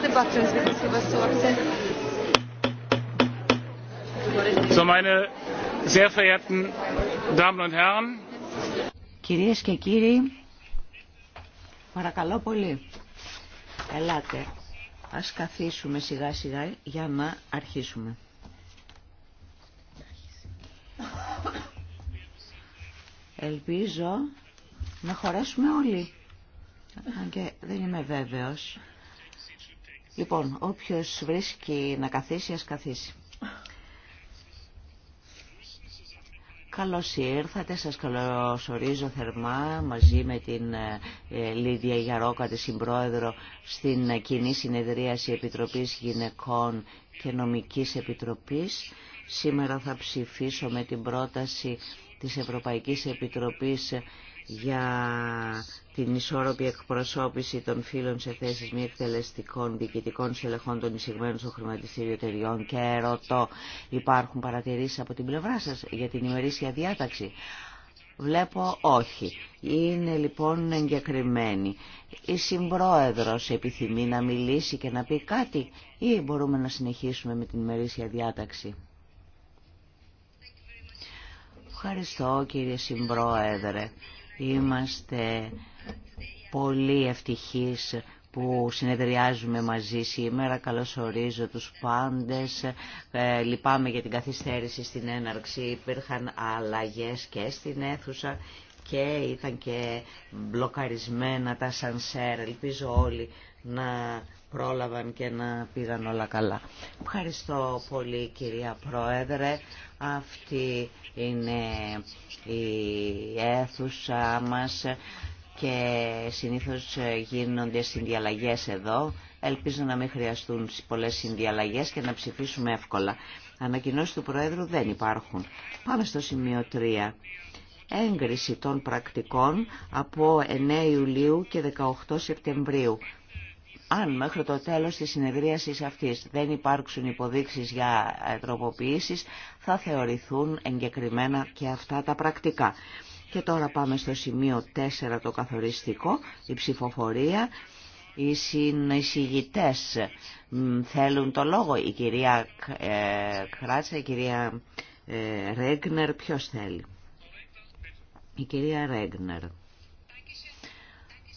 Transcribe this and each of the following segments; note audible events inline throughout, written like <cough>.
Κυρίε Κυρίες και κύριοι, παρακαλώ πολύ, ελάτε, ας καθίσουμε σιγά σιγά για να αρχίσουμε. Ελπίζω να χωρέσουμε όλοι, αν και δεν είμαι βέβαιος. Λοιπόν, όποιος βρίσκει να καθίσει, ας καθίσει. Καλώς ήρθατε, σας καλωσορίζω θερμά μαζί με την ε, Λίδια Γιαρόκα, τη Συμπρόεδρο, στην κοινή συνεδρίαση Επιτροπής Γυναικών και Νομικής Επιτροπής. Σήμερα θα ψηφίσω με την πρόταση της Ευρωπαϊκής Επιτροπής για την ισόρροπη εκπροσώπηση των φίλων σε θέσεις μη εκτελεστικών διοικητικών συλλεχών των εισηγμένων στο χρηματιστήριο εταιριών και ερωτώ, υπάρχουν παρατηρήσεις από την πλευρά σας για την ημερήσια διάταξη. Βλέπω όχι. Είναι λοιπόν εγκεκριμένη. Η συμπρόεδρος επιθυμεί να μιλήσει και να πει κάτι ή μπορούμε να συνεχίσουμε με την ημερήσια διάταξη. Ευχαριστώ κύριε συμπρόεδρε. Είμαστε πολύ ευτυχής που συνεδριάζουμε μαζί σήμερα. Καλωσορίζω τους πάντες. Ε, λυπάμαι για την καθυστέρηση στην έναρξη. Υπήρχαν αλλαγές και στην αίθουσα και ήταν και μπλοκαρισμένα τα σανσέρ. Ελπίζω όλοι να πρόλαβαν και να πήγαν όλα καλά. Ευχαριστώ πολύ κυρία Πρόεδρε. Αυτή είναι η αίθουσα μας και συνήθως ε, γίνονται συνδιαλλαγές εδώ. Ελπίζω να μην χρειαστούν πολλές συνδιαλλαγές και να ψηφίσουμε εύκολα. Ανακοινώσεις του Προέδρου δεν υπάρχουν. Πάμε στο σημείο 3. Έγκριση των πρακτικών από 9 Ιουλίου και 18 Σεπτεμβρίου. Αν μέχρι το τέλος της συνεδρίασης αυτής δεν υπάρξουν υποδείξεις για ε, τροποποιήσεις, θα θεωρηθούν εγκεκριμένα και αυτά τα πρακτικά. Και τώρα πάμε στο σημείο 4 το καθοριστικό, η ψηφοφορία. Οι συνεισηγητές θέλουν το λόγο. Η κυρία ε, Κράτσα, η κυρία ε, Ρέγνερ, ποιος θέλει. Η κυρία Ρέγνερ.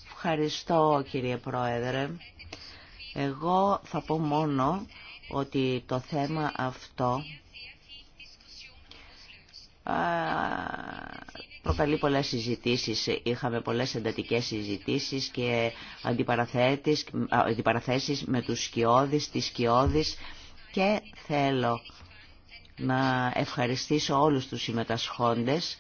Ευχαριστώ κύριε Πρόεδρε. Εγώ θα πω μόνο ότι το θέμα αυτό προκαλεί πολλές συζητήσεις, είχαμε πολλές εντατικές συζητήσεις και αντιπαραθέσεις με τους σκιώδεις, τις σκιώδεις και θέλω να ευχαριστήσω όλους τους συμμετασχόντες.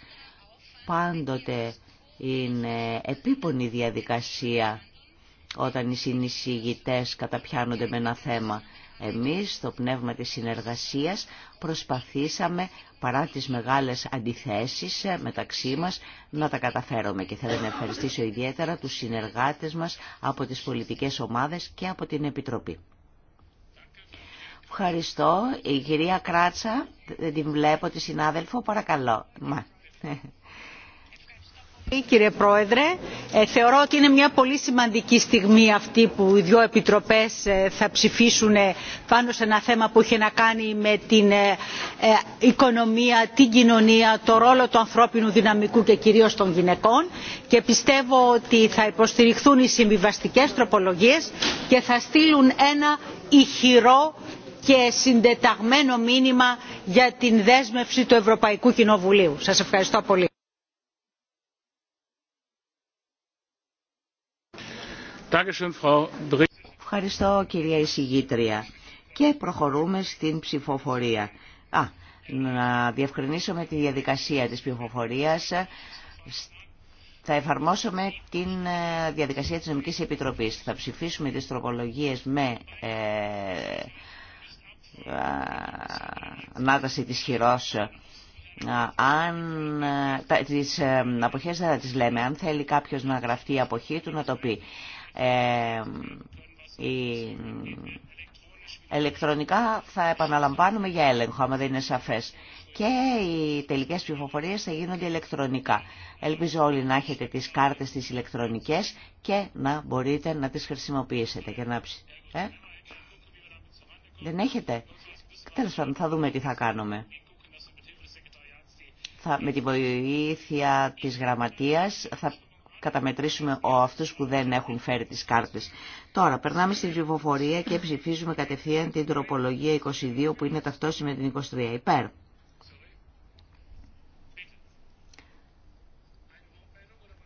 Πάντοτε είναι επίπονη διαδικασία όταν οι συνεισηγητές καταπιάνονται με ένα θέμα. Εμείς στο πνεύμα της συνεργασίας προσπαθήσαμε παρά τις μεγάλες αντιθέσεις ε, μεταξύ μας να τα καταφέρουμε και θέλω να ευχαριστήσω ιδιαίτερα τους συνεργάτες μας από τις πολιτικές ομάδες και από την Επιτροπή. Ευχαριστώ. Η κυρία Κράτσα, δεν την βλέπω, τη συνάδελφο, παρακαλώ. Κύριε Πρόεδρε, ε, θεωρώ ότι είναι μια πολύ σημαντική στιγμή αυτή που οι δύο επιτροπές ε, θα ψηφίσουν ε, πάνω σε ένα θέμα που έχει να κάνει με την οικονομία, την κοινωνία, το ρόλο του ανθρώπινου δυναμικού και κυρίως των γυναικών και πιστεύω ότι θα υποστηριχθούν οι συμβιβαστικές τροπολογίες και θα στείλουν ένα ηχηρό και συντεταγμένο μήνυμα για την δέσμευση του Ευρωπαϊκού Κοινοβουλίου. Σας ευχαριστώ πολύ. Ευχαριστώ κυρία εισηγήτρια. Και προχωρούμε στην ψηφοφορία. Α, να διευκρινίσουμε τη διαδικασία της ψηφοφορίας. Θα εφαρμόσουμε τη ε, διαδικασία της Νομικής Επιτροπής. Θα ψηφίσουμε τις τροπολογίες με ε, ανάταση της χειρός. Αν, ε, τα, τις ε, αποχές θα τις λέμε. Αν θέλει κάποιος να γραφτεί η αποχή του να το πει. Ε, ηλεκτρονικά θα επαναλαμβάνουμε για έλεγχο, άμα δεν είναι σαφές. Και οι τελικές ψηφοφορίες θα γίνονται ηλεκτρονικά. Ελπίζω όλοι να έχετε τις κάρτες τις ηλεκτρονικές και να μπορείτε να τις χρησιμοποιήσετε και να ε? Δεν έχετε. Τέλος πάντων, θα δούμε τι θα κάνουμε. Θα, με τη βοήθεια της γραμματείας θα καταμετρήσουμε αυτούς που δεν έχουν φέρει τις κάρτες. Τώρα, περνάμε στην ψηφοφορία και ψηφίζουμε κατευθείαν την τροπολογία 22 που είναι ταυτόσιμη με την 23. Υπέρ.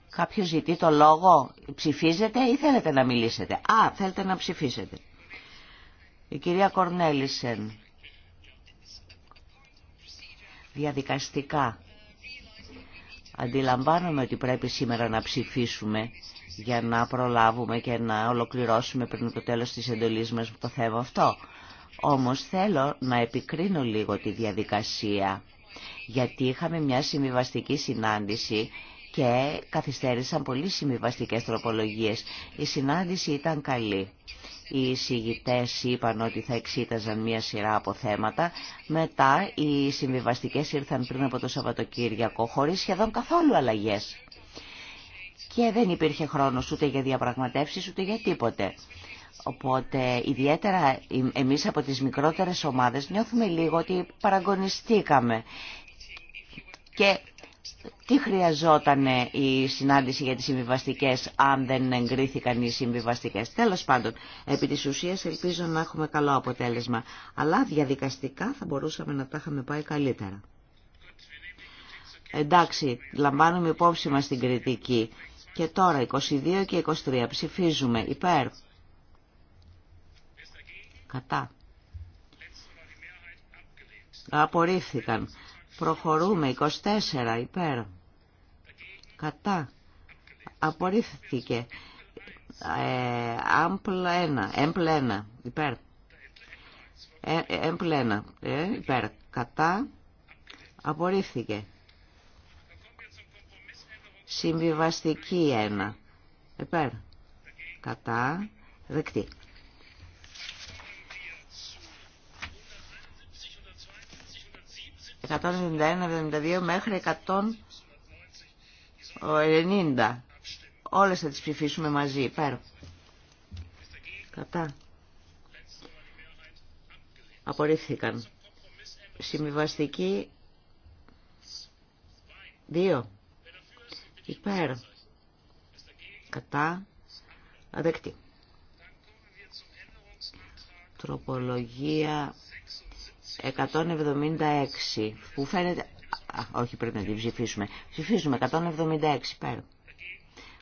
Κάποιο ζητεί το λόγο, ψηφίζετε ή θέλετε να μιλήσετε. Α, θέλετε να ψηφίσετε. Η κυρία Κορνέλισεν. Διαδικαστικά. Αντιλαμβάνομαι ότι πρέπει σήμερα να ψηφίσουμε για να προλάβουμε και να ολοκληρώσουμε πριν το τέλος της εντολής μας το θέμα αυτό. Όμως θέλω να επικρίνω λίγο τη διαδικασία, γιατί είχαμε μια συμβιβαστική συνάντηση και καθυστέρησαν πολύ συμβιβαστικές τροπολογίες. Η συνάντηση ήταν καλή οι εισηγητές είπαν ότι θα εξήταζαν μία σειρά από θέματα. Μετά οι συμβιβαστικές ήρθαν πριν από το Σαββατοκύριακο, χωρίς σχεδόν καθόλου αλλαγές. Και δεν υπήρχε χρόνος ούτε για διαπραγματεύσεις ούτε για τίποτε. Οπότε ιδιαίτερα εμείς από τις μικρότερες ομάδες νιώθουμε λίγο ότι παραγωνιστήκαμε. Και τι χρειαζόταν η συνάντηση για τις συμβιβαστικέ αν δεν εγκρίθηκαν οι συμβιβαστικέ. Τέλος πάντων, επί της ουσίας ελπίζω να έχουμε καλό αποτέλεσμα, αλλά διαδικαστικά θα μπορούσαμε να τα είχαμε πάει καλύτερα. Εντάξει, λαμβάνουμε υπόψη μας την κριτική. Και τώρα 22 και 23 ψηφίζουμε υπέρ. Κατά. Απορρίφθηκαν. Προχωρούμε 24 υπέρ. Κατά. Απορρίφθηκε. Ε, έμπλενα Υπέρ. Ε, ε, έμπλενα ε, υπέρ. Κατά. Απορρίφθηκε. Συμβιβαστική 1. Υπέρ. Κατά. Δεκτή. 171-72 μέχρι 190. Όλες θα τις ψηφίσουμε μαζί. Πέρα. Κατά. Απορρίφθηκαν. Συμβιβαστική Δύο. Υπέρ. Κατά. Αδεκτή. Τροπολογία 176 που φαίνεται... όχι πρέπει να την ψηφίσουμε. Ψηφίζουμε 176 πέρα.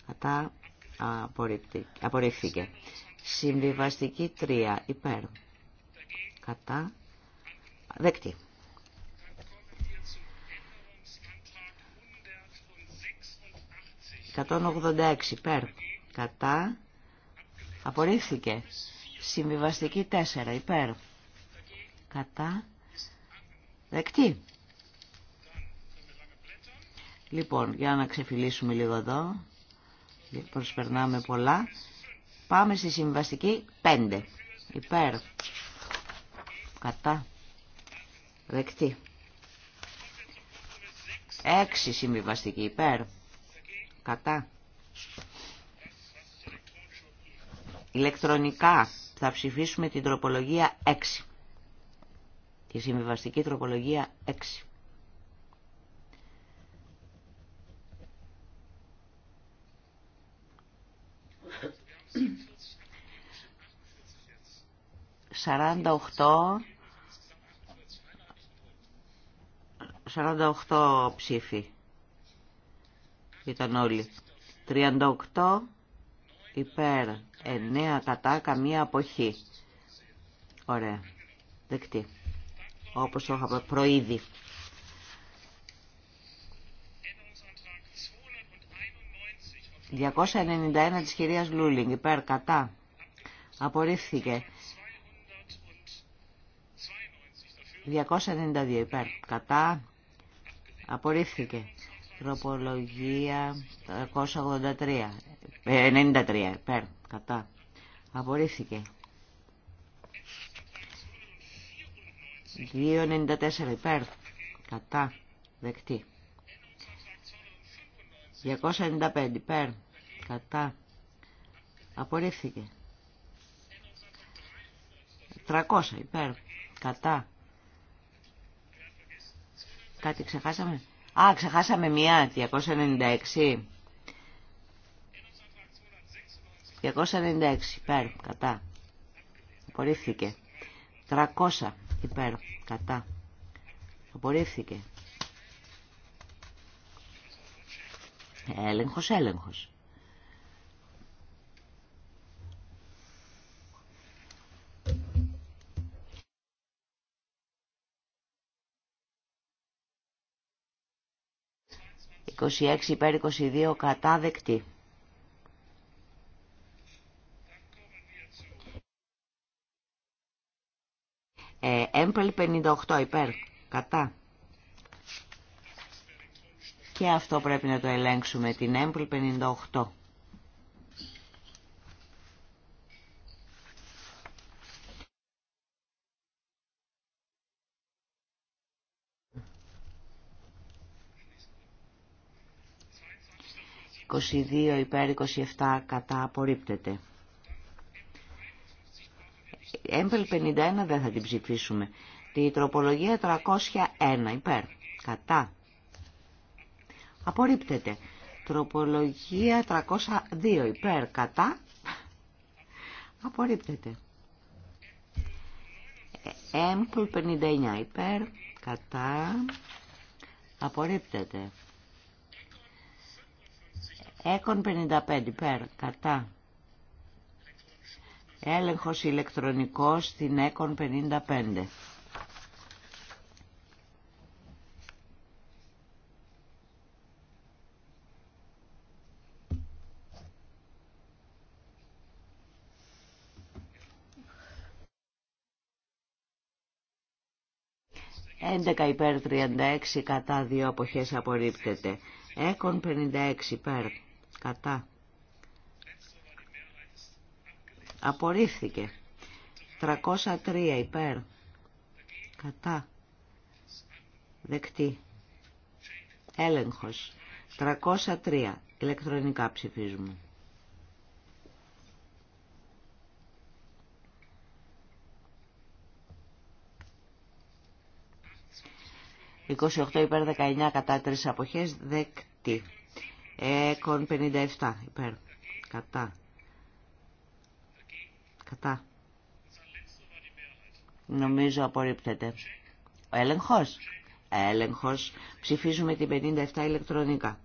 Κατά απορρίφθηκε. Συμβιβαστική 3 υπέρ. Κατά δεκτή. ...186 υπέρ... ...κατά... ...απορρίφθηκε... ...συμβιβαστική 4 υπέρ κατά δεκτή. Λοιπόν, για να ξεφυλίσουμε λίγο εδώ, προσπερνάμε πολλά. Πάμε στη συμβαστική 5. Υπέρ. Κατά. Δεκτή. 6 συμβιβαστική υπέρ. Κατά. Ηλεκτρονικά θα ψηφίσουμε την τροπολογία 6. Η συμβιβαστική τροπολογία 6. Σαράντα οχτώ 48 ψήφοι ήταν όλοι. 38 υπέρ, 9 κατά, καμία αποχή. Ωραία. Δεκτή όπως το είχαμε προείδη. ...291 της κυρίας Λούλινγκ, υπέρ, κατά, απορρίφθηκε. 292 υπέρ, κατά, απορρίφθηκε. Τροπολογία 283, 93 ε, υπέρ, κατά, απορρίφθηκε. 2,94 υπέρ. Κατά. Δεκτή. 295 υπέρ. Κατά. Απορρίφθηκε. 300 υπέρ. Κατά. Κάτι ξεχάσαμε. Α, ξεχάσαμε μία. 296. 296 υπέρ. Κατά. Απορρίφθηκε. 300 υπέρ, κατά. Απορρίφθηκε. Έλεγχος, έλεγχος. «26 υπέρ 22 κατά δεκτή». Ε, Έμπελ 58 υπέρ. Κατά. Και αυτό πρέπει να το ελέγξουμε. Την Έμπελ 58. «22 υπέρ 27 κατά απορρίπτεται». Έμπελ 51 δεν θα την ψηφίσουμε. Τη τροπολογία 301 υπέρ. Κατά. Απορρίπτεται. Τροπολογία 302 υπέρ. Κατά. Απορρίπτεται. ΕΜΠΕΛ 59 υπέρ. Κατά. Απορρίπτεται. Έκον 55 υπέρ. Κατά. Έλεγχος ηλεκτρονικός στην ΕΚΟΝ 55. Έντεκα υπέρ 36 κατά δύο αποχές απορρίπτεται. Έκον 56 υπέρ κατά Απορρίφθηκε. 303 υπέρ. Κατά. Δεκτή. Έλεγχος. 303. Ηλεκτρονικά ψηφίζουμε. «28 υπέρ 19 κατά 3 αποχές δεκτή». «Εκον 57 υπέρ κατά Κατά. Νομίζω απορρίπτεται. Ο έλεγχος. Έλεγχος. Ψηφίζουμε την 57 ηλεκτρονικά.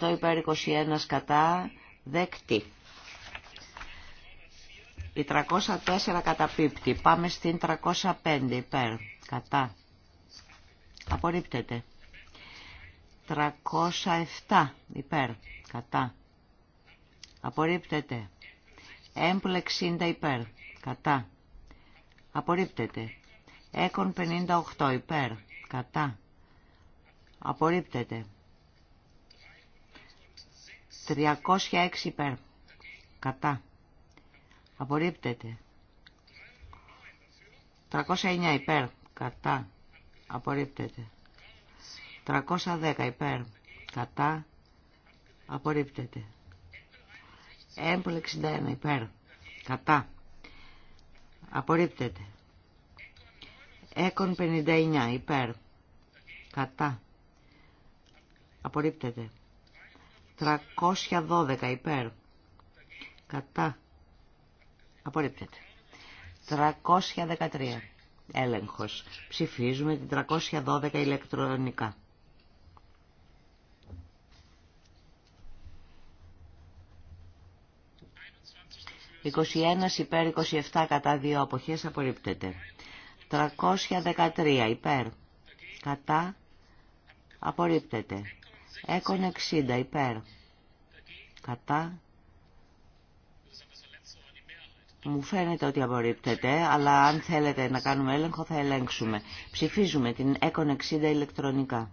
«28 υπέρ 21 κατά, δεκτή». Η 304 καταπίπτει. Πάμε στην 305 υπέρ. Κατά. Απορρίπτεται. 307 υπέρ. Κατά. Απορρίπτεται. Έμπλ 60 υπέρ. Κατά. Απορρίπτεται. Έκον 58 υπέρ. Κατά. Απορρίπτεται. 306 υπέρ. Κατά. Απορρίπτεται. 309 υπέρ. Κατά. Απορρίπτεται. 310 υπέρ. Κατά. Απορρίπτεται. Έμπολ 61 υπέρ. Κατά. Απορρίπτεται. Έκον 59 υπέρ. Κατά. Απορρίπτεται. 312 υπέρ. Κατά. Απορρίπτεται. 313 έλεγχος. Ψηφίζουμε την 312 ηλεκτρονικά. «21 υπέρ 27 κατά δύο αποχές απορρίπτεται». «313 υπέρ κατά απορρίπτεται». Έκον 60 υπέρ κατά μου φαίνεται ότι απορρίπτεται, αλλά αν θέλετε να κάνουμε έλεγχο θα ελέγξουμε. Ψηφίζουμε την ΕΚΟΝ 60 ηλεκτρονικά.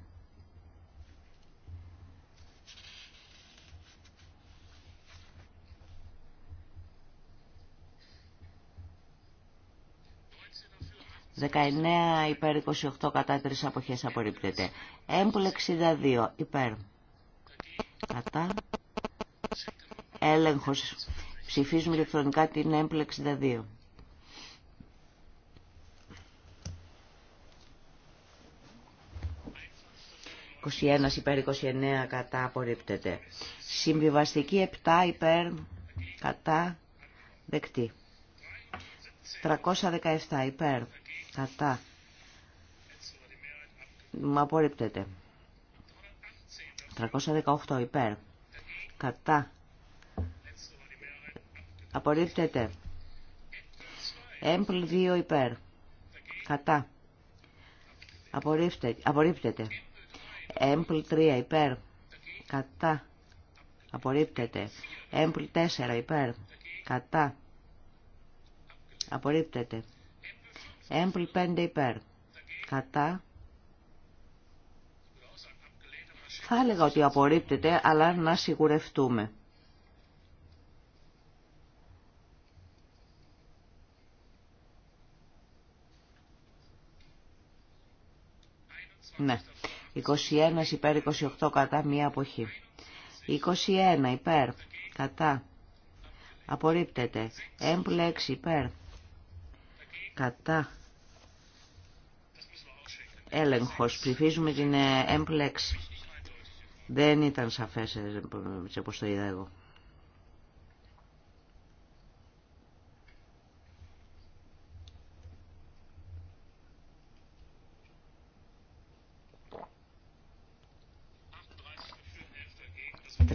Δεκαεννέα υπέρ 28 κατά τρεις αποχές απορρίπτεται. Έμπουλ 62 υπέρ. Κατά. Έλεγχος Ψηφίζουμε ηλεκτρονικά την έμπλα 62. ...21 υπέρ 29 κατά απορρίπτεται. Συμβιβαστική 7 υπέρ κατά δεκτή. 317 υπέρ κατά. Μα απορρίπτεται. 318 υπέρ κατά Απορρίπτεται. Έμπλ 2 υπέρ. Κατά. Απορρίπτεται. Έμπλ 3 υπέρ. Κατά. Απορρίπτεται. Έμπλ 4 υπέρ. Κατά. Απορρίπτεται. Έμπλ 5 υπέρ. Κατά. Θα έλεγα ότι απορρίπτεται, αλλά να σιγουρευτούμε. Ναι. 21 υπέρ 28 κατά μία αποχή. 21 υπέρ κατά. Απορρίπτεται. Έμπλε υπέρ. Κατά. Έλεγχος. Ψηφίζουμε την ε, έμπλεξη. Δεν ήταν σαφές σε το είδα εγώ.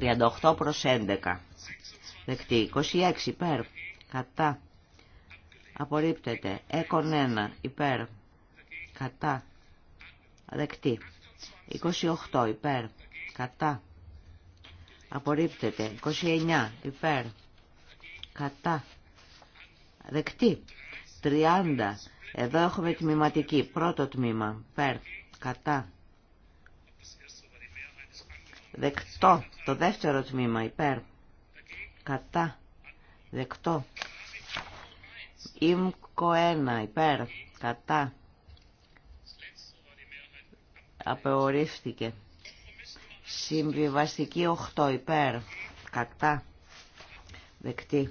38 προς 11. Δεκτή. 26 υπέρ. Κατά. Απορρίπτεται. Έκον 1 υπέρ. Κατά. Δεκτή. 28 υπέρ. Κατά. Απορρίπτεται. 29 υπέρ. Κατά. Δεκτή. 30. Εδώ έχουμε τμηματική. Πρώτο τμήμα. Περ. Κατά. Δεκτό. Το δεύτερο τμήμα υπέρ. Κατά. Δεκτό. Ήμκο 1 υπέρ. Κατά. Απεορίστηκε. Συμβιβαστική 8 υπέρ. Κατά. Δεκτή.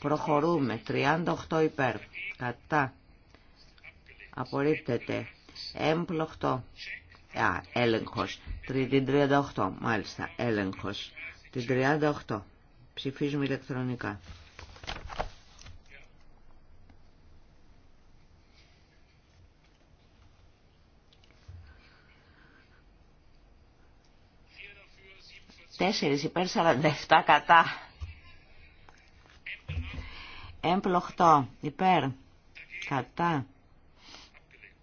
Προχωρούμε. 38 υπέρ. Κατά. Απορρίπτεται. έμπλοχτο Α, έλεγχος. Την 38, μάλιστα, έλεγχος. Την 38. Ψηφίζουμε ηλεκτρονικά. Τέσσερις υπέρ 47 <laughs> κατά. Έμπλοχτό υπέρ κατά.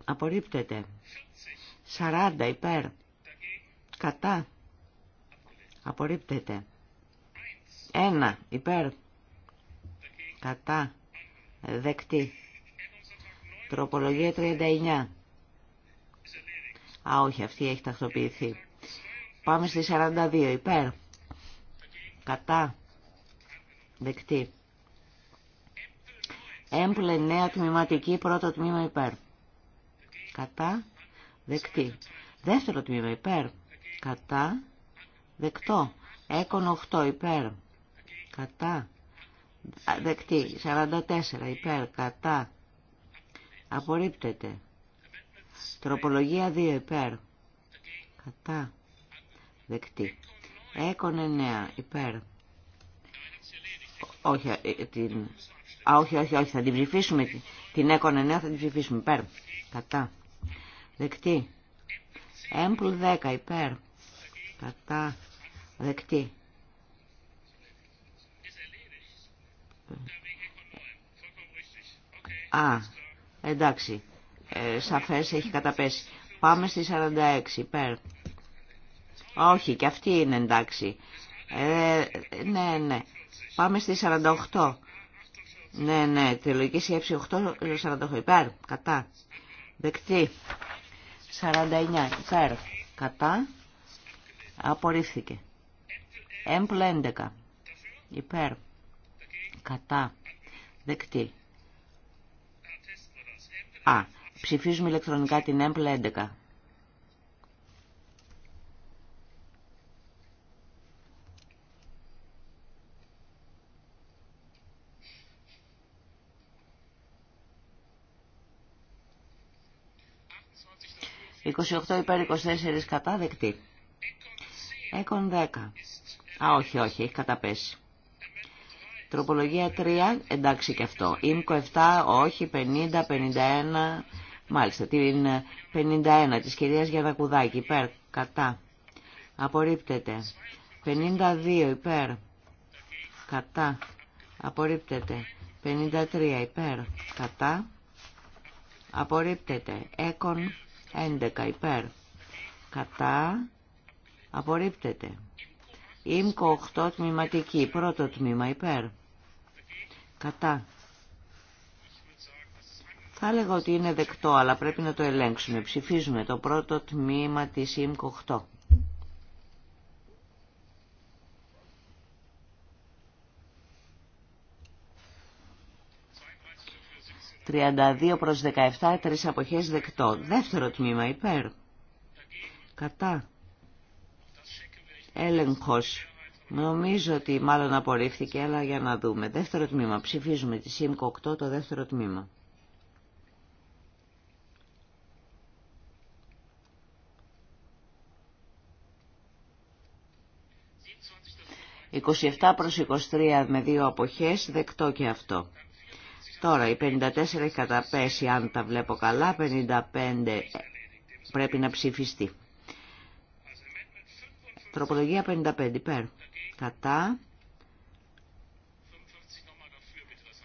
Απορρίπτεται. 40 υπέρ. Κατά. Απορρίπτεται. Ένα. υπέρ. Κατά. Δεκτή. Τροπολογία 39. Α, όχι, αυτή έχει τακτοποιηθεί. Πάμε στη 42 υπέρ. Κατά. Δεκτή. Έμπλε νέα τμηματική πρώτο τμήμα υπέρ. Κατά. Δεκτή. Δεύτερο τμήμα υπέρ. Κατά. Δεκτό. Έκον 8 υπέρ. Κατά. Δεκτή. 44 υπέρ. Κατά. Απορρίπτεται. Τροπολογία 2 υπέρ. Κατά. Δεκτή. Έκον 9 υπέρ. Όχι, ε, την... Α, όχι, όχι, όχι, θα την ψηφίσουμε. Την έκον 9 θα την ψηφίσουμε. Υπέρ. Κατά. Δεκτή. Έμπλ 10 υπέρ. Κατά. Δεκτή. Α, εντάξει. Ε, σαφές έχει καταπέσει. Πάμε στη 46 υπέρ. Όχι, και αυτή είναι εντάξει. Ε, ναι, ναι. Πάμε στη 48. Ναι, ναι, τη λογική σκέψη 8, 48 υπέρ, κατά. Δεκτή. 49 υπέρ κατά απορρίφθηκε. έμπλα 11 υπέρ κατά δεκτή. Α, ψηφίζουμε ηλεκτρονικά την έμπλα 11. 28 υπέρ 24 κατά δεκτή. Έκον 10. Α, όχι, όχι, έχει καταπέσει. Τροπολογία 3, εντάξει και αυτό. Ήμκο 7, όχι, 50, 51, μάλιστα. Την 51 ε, της κυρίας Γιανακουδάκη, υπέρ, κατά. Απορρίπτεται. 52, υπέρ, κατά. Απορρίπτεται. 53, υπέρ, κατά. Απορρίπτεται. Έκον 11 υπέρ. Κατά. Απορρίπτεται. Ήμκο 8 τμηματική. Πρώτο τμήμα υπέρ. Κατά. Θα έλεγα ότι είναι δεκτό, αλλά πρέπει να το ελέγξουμε. Ψηφίζουμε το πρώτο τμήμα της ΙΜΚΟ 8. 32 προς 17, τρεις αποχές δεκτό. Δεύτερο τμήμα υπέρ. Κατά. Έλεγχος. Νομίζω ότι μάλλον απορρίφθηκε, αλλά για να δούμε. Δεύτερο τμήμα. Ψηφίζουμε τη ΣΥΜΚΟ 8, το δεύτερο τμήμα. «27 προς 23 με δύο αποχές, δεκτό και αυτό». Τώρα, η 54 έχει καταπέσει, αν τα βλέπω καλά, 55 πρέπει να ψηφιστεί. Τροπολογία 55, υπέρ. Κατά.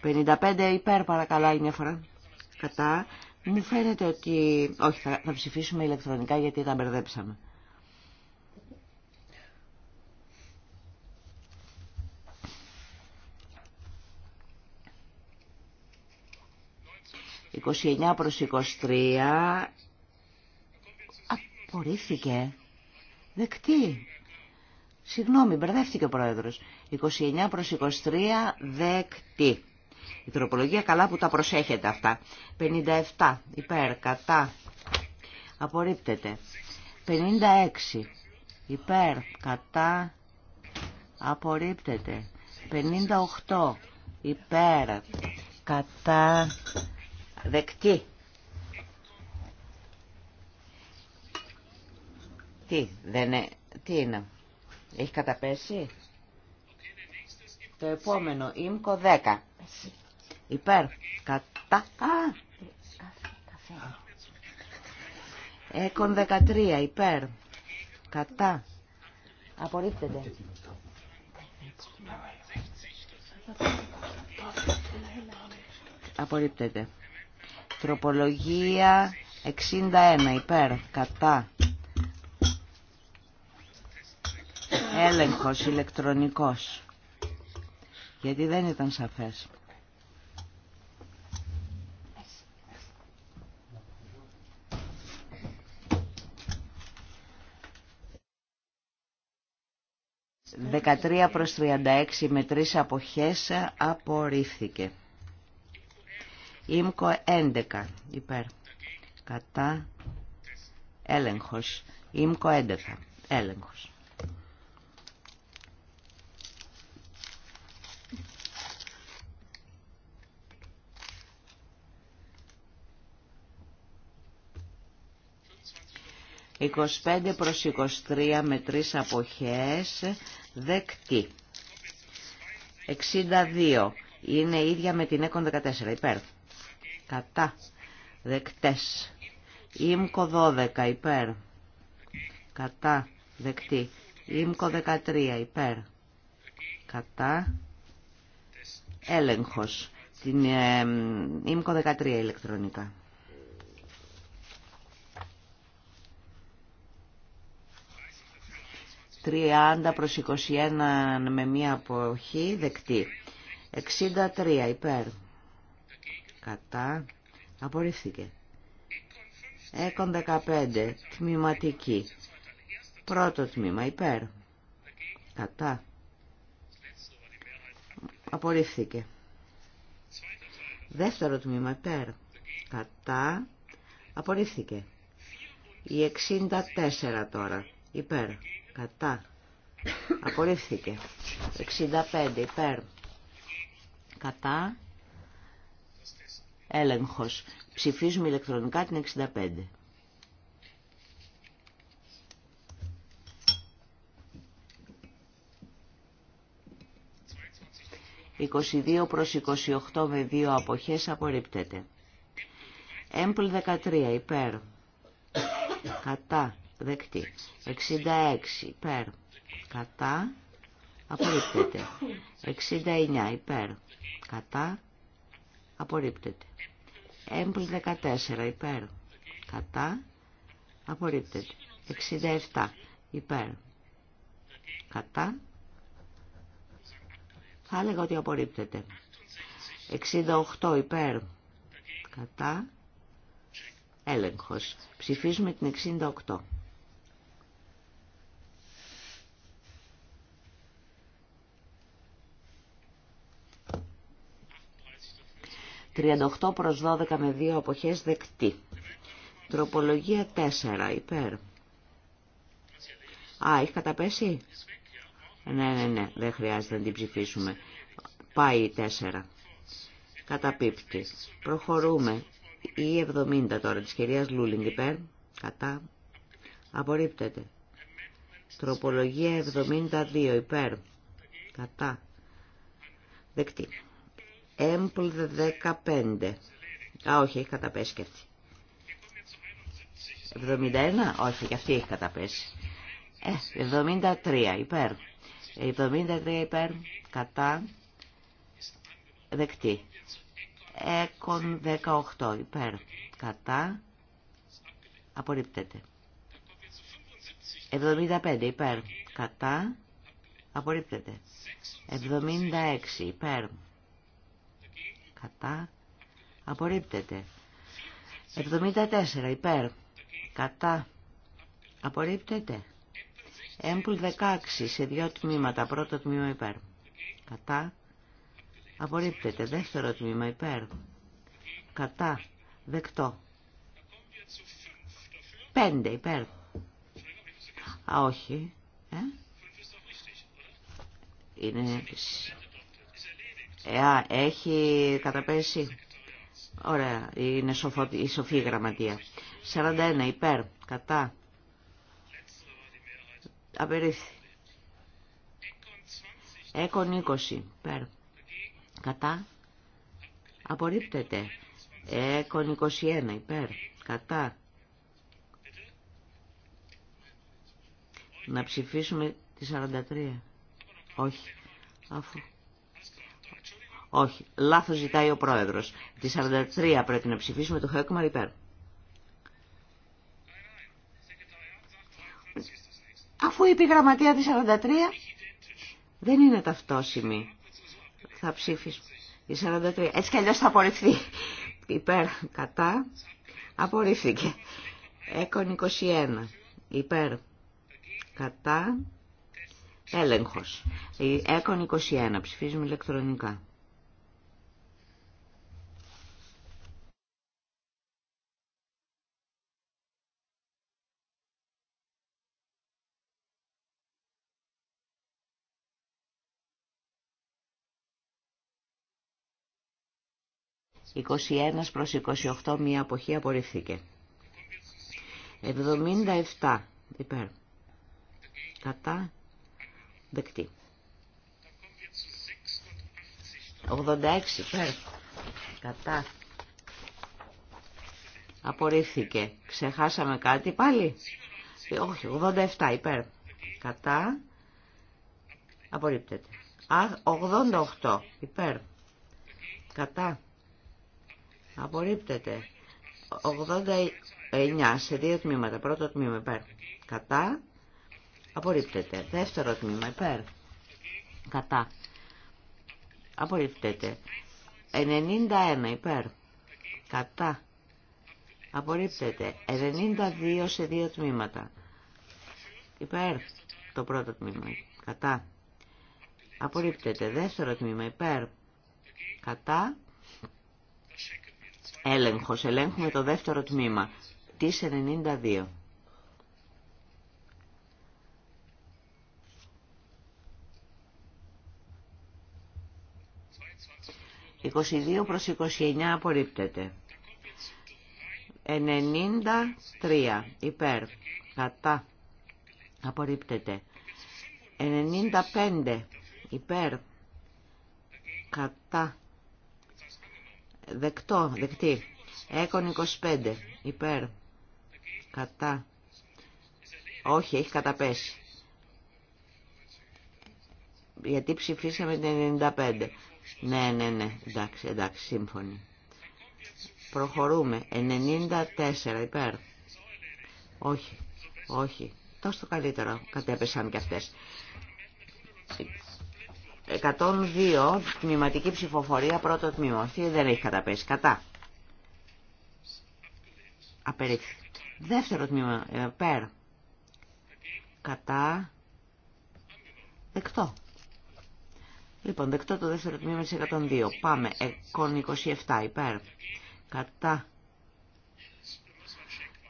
55 υπέρ παρακαλώ άλλη μια φορά. Κατά. Μου φαίνεται ότι... Όχι, θα, θα ψηφίσουμε ηλεκτρονικά γιατί τα μπερδέψαμε. 29 προς 23 απορρίφθηκε. Δεκτή. Συγγνώμη, μπερδεύτηκε ο πρόεδρος. 29 προς 23 δεκτή. Η τροπολογία καλά που τα προσέχετε αυτά. 57 υπέρ, κατά. Απορρίπτεται. 56 υπέρ, κατά. Απορρίπτεται. 58 υπέρ, κατά Δεκτή. Τι, δεν είναι, τι είναι, έχει καταπέσει. Το επόμενο, ΙΜΚΟ 10. Υπέρ, κατά, α, καφέ. Έκον 13, υπέρ, κατά. Απορρίπτεται. Απορρίπτεται. Τροπολογία 61 υπέρ κατά έλεγχος ηλεκτρονικός γιατί δεν ήταν σαφές. 13 προς 36 με τρεις αποχές απορρίφθηκε. Ήμκο 11 υπέρ. Κατά έλεγχος. Ήμκο 11 έλεγχος. «25 προς 23 με τρεις αποχές, δεκτή». «62 είναι ίδια με την ΕΚΟΝ 14, υπέρ» κατά δεκτές. Ήμκο 12 υπέρ κατά δεκτή. Ήμκο 13 υπέρ κατά έλεγχος. Την ε, Ήμκο 13 ηλεκτρονικά. 30 προς 21 με μία αποχή δεκτή. 63 υπέρ κατά απορρίφθηκε. Έκον 15 τμήματική. Πρώτο τμήμα υπέρ. Κατά. Απορρίφθηκε. Δεύτερο τμήμα υπέρ. Κατά. Απορρίφθηκε. Η 64 τώρα. Υπέρ. Κατά. Απορρίφθηκε. 65 υπέρ. Κατά έλεγχος. Ψηφίζουμε ηλεκτρονικά την 65. ...22 προς 28 με 2 αποχές απορρίπτεται. Έμπλ 13 υπέρ. Κατά. Δεκτή. 66 υπέρ. Κατά. Απορρίπτεται. 69 υπέρ. Κατά απορρίπτεται. Έμπλ 14 υπέρ, κατά, απορρίπτεται. 67 υπέρ, κατά, θα έλεγα ότι απορρίπτεται. 68 υπέρ, κατά, έλεγχος. Ψηφίζουμε την 68. 38 προς 12 με 2 αποχές δεκτή. Τροπολογία 4 υπέρ. Α, έχει καταπέσει. Ναι, ναι, ναι, δεν χρειάζεται να την ψηφίσουμε. Πάει 4. Καταπίπτει. Προχωρούμε. Η 70 τώρα της κυρίας Λούλινγκ υπέρ. Κατά. Απορρίπτεται. Τροπολογία 72 υπέρ. Κατά. Δεκτή. Έμπλ 15. Α, όχι, έχει καταπέσει και αυτή. 71, όχι, και αυτή έχει καταπέσει. Ε, 73 υπέρ. 73 υπέρ, κατά, δεκτή. Έκον 18 υπέρ, κατά, απορρίπτεται. 75 υπέρ, κατά, απορρίπτεται. 76 υπέρ, κατά απορρίπτεται 74 υπέρ κατά απορρίπτεται Έμπουλ 16 σε δύο τμήματα πρώτο τμήμα υπέρ κατά απορρίπτεται δεύτερο τμήμα υπέρ κατά δεκτό 5 υπέρ α όχι ε? είναι Εά, έχει καταπέσει. Ωραία, είναι σοφο, η σοφή γραμματεία. 41 υπέρ, κατά. Απερίφθη. Έκον 20 υπέρ, κατά. Απορρίπτεται. Έκον 21 υπέρ, κατά. Να ψηφίσουμε τη 43. Όχι. Αφού. Όχι, λάθος ζητάει ο πρόεδρος. Τη 43 πρέπει να ψηφίσουμε το Χέκμαρ υπέρ. Αφού είπε η γραμματεία τη 43, δεν είναι ταυτόσιμη. Θα ψήφισουμε. τη 43. Έτσι κι αλλιώς θα απορριφθεί. Υπέρ, κατά, απορρίφθηκε. Έκον 21. Υπέρ, κατά, έλεγχος. Έκον 21. Ψηφίζουμε ηλεκτρονικά. 21 προς 28 μία αποχή απορριφθήκε. 77 υπέρ. Κατά. Δεκτή. 86 υπέρ. Κατά. Απορρίφθηκε. Ξεχάσαμε κάτι πάλι. Όχι, 87 υπέρ. Κατά. Απορρίπτεται. 88 υπέρ. Κατά. Απορρίπτεται. 89 σε δύο τμήματα. Πρώτο τμήμα υπέρ. Κατά. Απορρίπτεται. Δεύτερο τμήμα υπέρ. Κατά. Απορρίπτεται. 91 υπέρ. Κατά. Απορρίπτεται. 92 σε δύο τμήματα. Υπέρ. Το πρώτο τμήμα. Κατά. Απορρίπτεται. Δεύτερο τμήμα υπέρ. Κατά. Έλεγχος. Ελέγχουμε το δεύτερο τμήμα. Της 92. «22 προς 29 απορρίπτεται». «93 υπέρ». «Κατά». Απορρίπτεται. «95 υπέρ». «Κατά». Δεκτό, δεκτή. Έκον 25. Υπέρ. Κατά. Όχι, έχει καταπέσει. Γιατί ψηφίσαμε την 95. Ναι, ναι, ναι. Εντάξει, εντάξει, σύμφωνοι. Προχωρούμε. 94 υπέρ. Όχι, όχι. Τόσο καλύτερο. Κατέπεσαν και αυτές. 102 τμηματική ψηφοφορία πρώτο τμήμα. Αυτή δεν έχει καταπέσει. Κατά. Απερίφθη. Δεύτερο τμήμα. Ε, πέρα. Κατά. Δεκτό. Λοιπόν, δεκτό το δεύτερο τμήμα σε 102. Πάμε. Εκόν 27. Υπέρ. Κατά.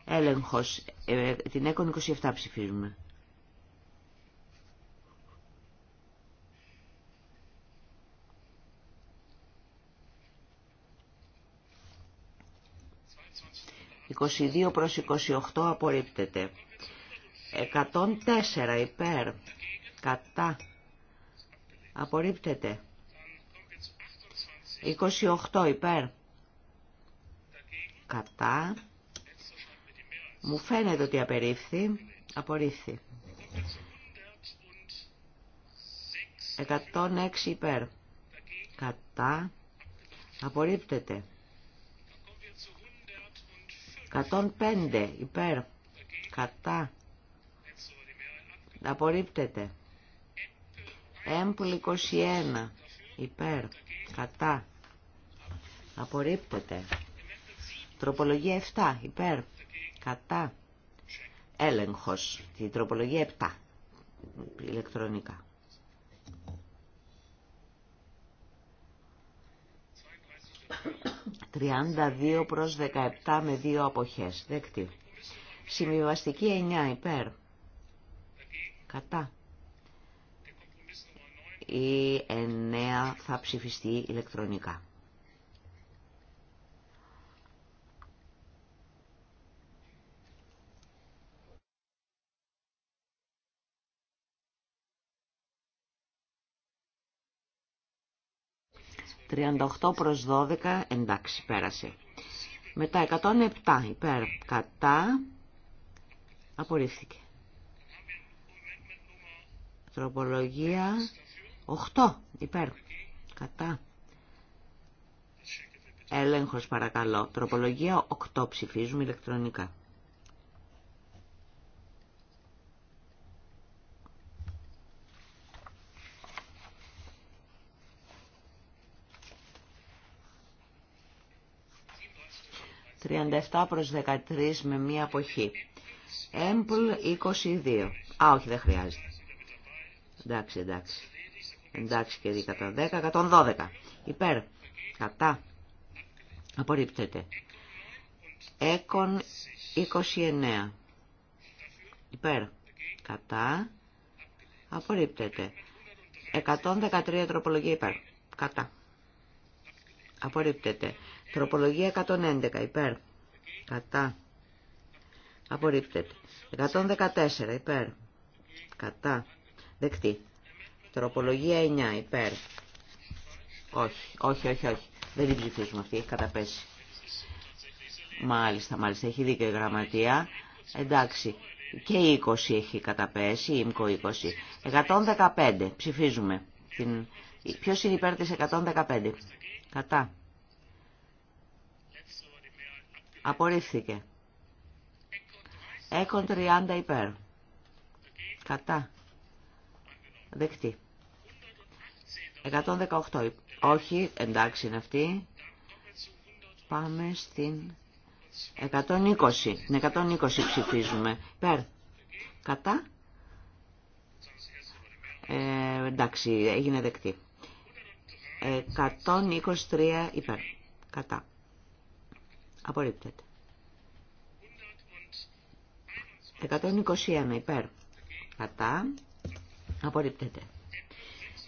Έλεγχος. Ε, την έκον 27 ψηφίζουμε. 22 προς 28 απορρίπτεται. 104 υπέρ. Κατά. Απορρίπτεται. 28 υπέρ. Κατά. Μου φαίνεται ότι απερίφθη. Απορρίφθη. 106 υπέρ. Κατά. Απορρίπτεται. 105 υπέρ κατά απορρίπτεται έμπλ 21 υπέρ κατά απορρίπτεται τροπολογία 7 υπέρ κατά έλεγχος τη τροπολογία 7 ηλεκτρονικά 32 προς 17 με 2 αποχές. Δεκτή. Συμβιβαστική 9 υπέρ. Κατά. Η 9 θα ψηφιστεί ηλεκτρονικά. 38 προς 12, εντάξει, πέρασε. Μετά 107 υπέρ κατά, απορρίφθηκε. Τροπολογία 8 υπέρ κατά. Έλεγχος παρακαλώ. Τροπολογία 8 ψηφίζουμε ηλεκτρονικά. 37 προς 13 με μία αποχή. Έμπλ 22. Α, όχι, δεν χρειάζεται. Εντάξει, εντάξει. Εντάξει και δει κατά 10, 112. Υπέρ. Κατά. Απορρίπτεται. Έκον 29. Υπέρ. Κατά. Απορρίπτεται. 113 τροπολογία υπέρ. Κατά. Απορρίπτεται. Τροπολογία 111 υπέρ. Κατά. Απορρίπτεται. 114 υπέρ. Κατά. Δεκτή. Τροπολογία 9 υπέρ. Όχι, όχι, όχι, όχι. Δεν την ψηφίζουμε αυτή, έχει καταπέσει. Μάλιστα, μάλιστα, έχει δίκιο η γραμματεία. Εντάξει, και η 20 έχει καταπέσει, η ΜΚΟ 20. 115, ψηφίζουμε. Την... Ποιος είναι υπέρ της 115. Κατά. Απορρίφθηκε. Έκον 30 υπέρ. Κατά. Δεκτή. 118. Όχι, εντάξει είναι αυτή. Πάμε στην 120. Την 120 ψηφίζουμε. Υπέρ. Κατά. Ε, εντάξει, έγινε δεκτή. 123 υπέρ. Κατά. Απορρίπτεται. 121 υπέρ. Κατά. Απορρίπτεται.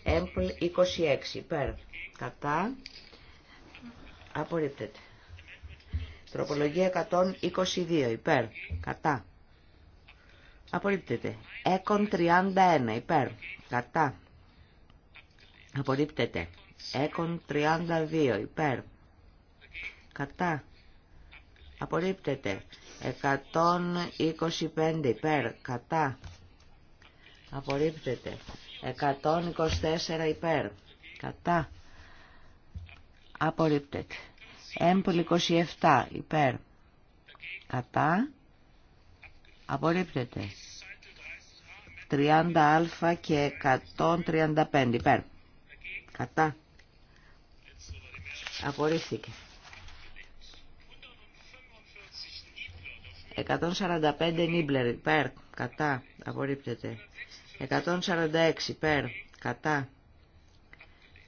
Έμπλ 26 υπέρ. Κατά. Απορρίπτεται. Τροπολογία 122 υπέρ. Κατά. Απορρίπτεται. Έκον 31 υπέρ. Κατά. Απορρίπτεται. Έκον 32 υπέρ. Κατά απορρίπτεται 125 υπέρ κατά απορρίπτεται 124 υπέρ κατά απορρίπτεται 127 27 υπέρ κατά απορρίπτεται 30α και 135 υπέρ κατά απορρίφθηκε 145 νίμπλερ υπέρ κατά απορρίπτεται 146 υπέρ κατά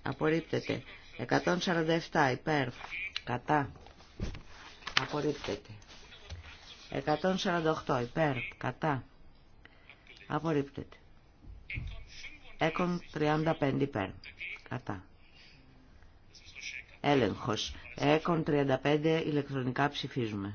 απορρίπτεται 147 υπέρ κατά απορρίπτεται 148 υπέρ κατά απορρίπτεται έκον 35 υπέρ κατά έλεγχος έκον 35 ηλεκτρονικά ψηφίζουμε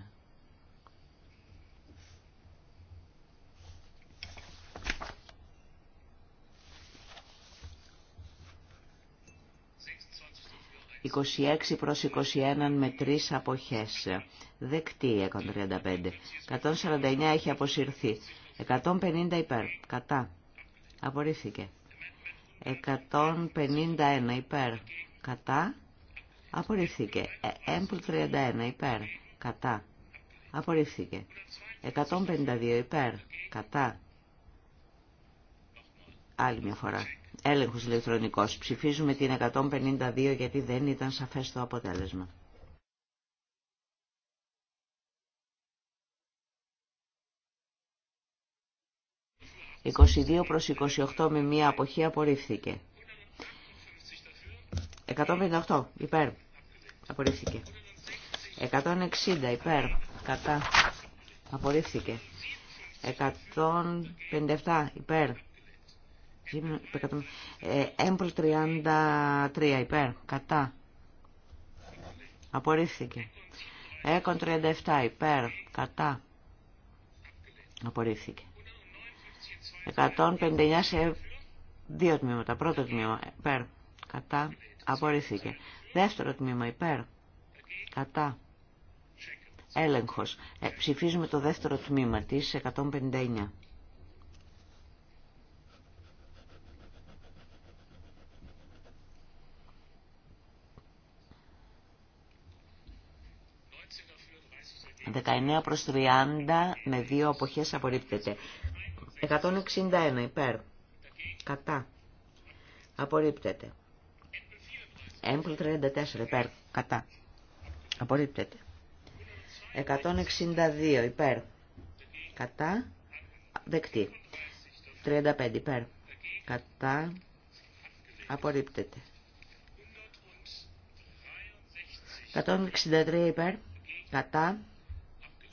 26 προς 21 με 3 αποχές. Δεκτή 135. 149 έχει αποσυρθεί. 150 υπέρ. Κατά. Απορρίφθηκε. 151 υπέρ. Κατά. Απορρίφθηκε. Έμπλ 31 υπέρ. Κατά. Απορρίφθηκε. 152 υπέρ. Κατά. Άλλη μια φορά. Έλεγχος ηλεκτρονικός. Ψηφίζουμε την 152 γιατί δεν ήταν σαφές το αποτέλεσμα. «22 προς 28 με μία αποχή απορρίφθηκε». «158 υπέρ». Απορρίφθηκε. 160 υπέρ. Κατά. Απορρίφθηκε. 157 υπέρ. Ε, έμπλ 33 υπέρ. Κατά. Απορρίφθηκε. Έκον 37 υπέρ. Κατά. Απορρίφθηκε. 159 σε δύο τμήματα. Πρώτο τμήμα υπέρ. Κατά. Απορρίφθηκε. Δεύτερο τμήμα υπέρ. Κατά. Έλεγχος. Ε, ψηφίζουμε το δεύτερο τμήμα της 159. 19 προς 30 με δύο αποχές απορρίπτεται. 161 υπέρ. Κατά. Απορρίπτεται. Έμπλ 34 υπέρ. Κατά. Απορρίπτεται. 162 υπέρ. Κατά. Δεκτή. 35 υπέρ. Κατά. Απορρίπτεται. 163 υπέρ. Κατά.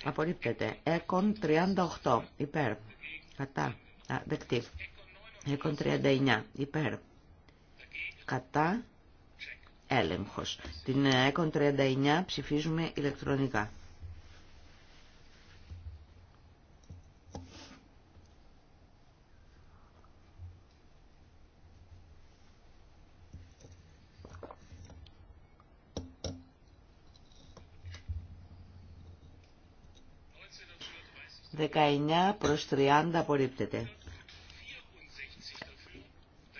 Απορρίπτεται. Έκον 38. Υπέρ. Κατά. Α, δεκτή. Έκον 39. Υπέρ. Κατά. Έλεγχος. Την ε, έκον 39 ψηφίζουμε ηλεκτρονικά. 19 προς 30 απορρίπτεται.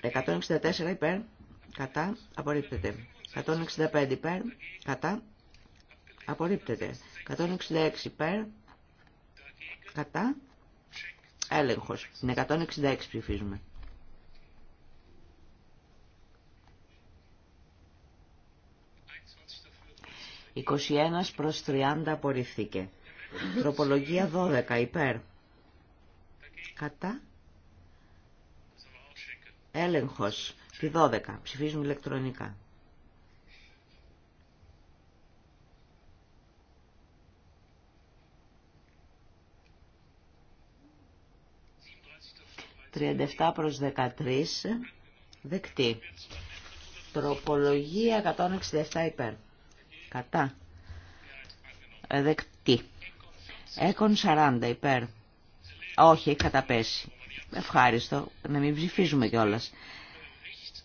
164 υπέρ, κατά, απορρίπτεται. 165 υπέρ, κατά, απορρίπτεται. 166 υπέρ, κατά, έλεγχος. 166 ψηφίζουμε. «21 προς 30 απορριφθήκε». Τροπολογία 12 υπέρ. Κατά. Έλεγχος. Τη 12. Ψηφίζουμε ηλεκτρονικά. ...37 προς 13, δεκτή. Τροπολογία 167 υπέρ. Κατά. Ε, δεκτή. Έκον 40 υπέρ. Όχι, καταπέσει. Ευχάριστο, να μην ψηφίζουμε κιόλα.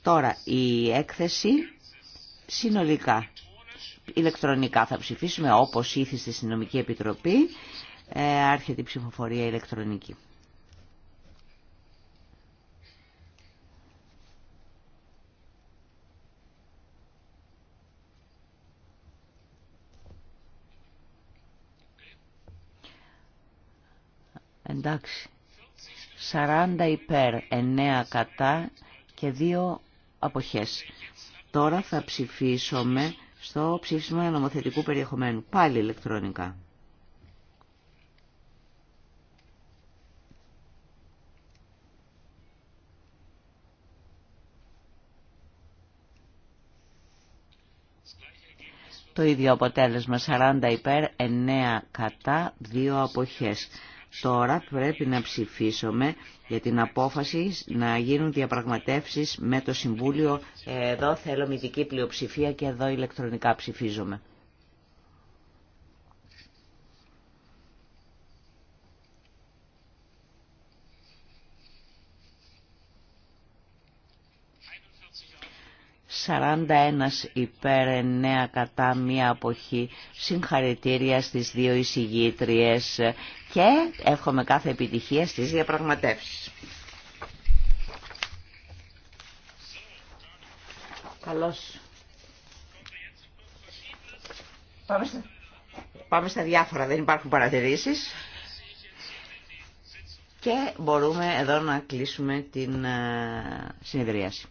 Τώρα, η έκθεση συνολικά. Ηλεκτρονικά θα ψηφίσουμε όπως ήθιστε στη Συνομική Επιτροπή. Ε, άρχεται η ψηφοφορία ηλεκτρονική. Εντάξει. 40 υπέρ, 9 κατά και 2 αποχές. Τώρα θα ψηφίσουμε στο ψήφισμα νομοθετικού περιεχομένου. Πάλι ηλεκτρονικά. Το ίδιο αποτέλεσμα 40 υπέρ, 9 κατά, 2 αποχές. Τώρα πρέπει να ψηφίσουμε για την απόφαση να γίνουν διαπραγματεύσεις με το Συμβούλιο. Εδώ θέλω μυθική πλειοψηφία και εδώ ηλεκτρονικά ψηφίζουμε. 41 υπέρ 9 κατά μία αποχή. Συγχαρητήρια στις δύο εισηγήτριες και εύχομαι κάθε επιτυχία στις διαπραγματεύσεις. Καλώς. Πάμε στα, διάφορα, δεν υπάρχουν παρατηρήσεις. Και μπορούμε εδώ να κλείσουμε την ε, συνεδρίαση.